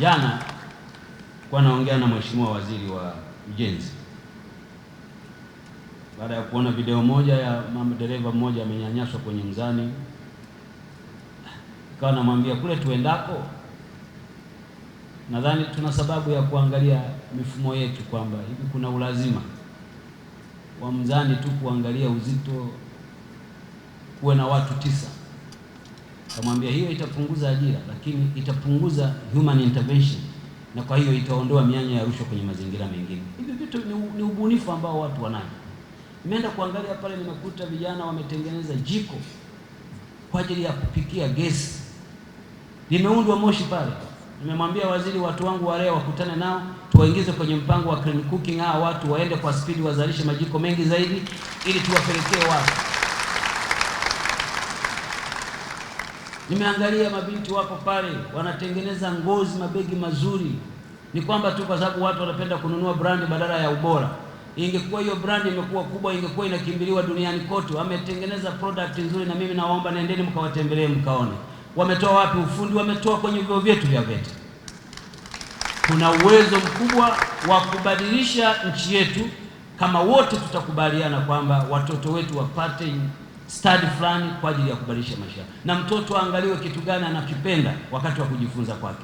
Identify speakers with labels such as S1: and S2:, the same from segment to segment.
S1: Jana kwa naongea na mheshimiwa waziri wa ujenzi baada ya kuona video moja ya mama dereva mmoja amenyanyaswa kwenye mzani, ikawa namwambia kule tuendako, nadhani tuna sababu ya kuangalia mifumo yetu kwamba hivi kuna ulazima wa mzani tu kuangalia uzito kuwe na watu tisa Kamwambia hiyo itapunguza ajira, lakini itapunguza human intervention, na kwa hiyo itaondoa mianya ya rushwa kwenye mazingira mengine. Hivyo vitu ni ubunifu ambao watu wanayo. Nimeenda kuangalia pale, nimekuta vijana wametengeneza jiko kwa ajili ya kupikia gesi, limeundwa moshi pale. Nimemwambia waziri, watu wangu wale wakutane nao tuwaingize kwenye mpango wa clean cooking. Hawa watu waende kwa spidi, wazalishe majiko mengi zaidi, ili tuwapelekee watu Nimeangalia mabinti wapo pale wanatengeneza ngozi, mabegi mazuri. Ni kwamba tu kwa sababu watu wanapenda kununua brandi badala ya ubora. Ingekuwa hiyo brandi imekuwa kubwa, ingekuwa inakimbiliwa duniani kote. Wametengeneza product nzuri, na mimi nawaomba nendeni mkawatembelee, mkaone wametoa wapi ufundi, wametoa kwenye vyuo vyetu vya VETA. Kuna uwezo mkubwa wa kubadilisha nchi yetu kama wote tutakubaliana kwamba watoto wetu wapate stadi fulani kwa ajili ya kubadilisha maisha, na mtoto aangaliwe kitu gani anakipenda wakati wa kujifunza kwake.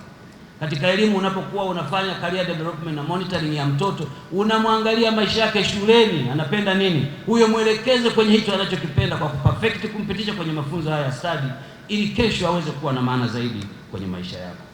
S1: Katika elimu, unapokuwa unafanya career development na monitoring ya mtoto, unamwangalia maisha yake shuleni, anapenda nini, huyo mwelekeze kwenye hicho anachokipenda kwa kuperfect, kumpitisha kwenye mafunzo haya ya stadi, ili kesho aweze kuwa na maana zaidi kwenye maisha yako.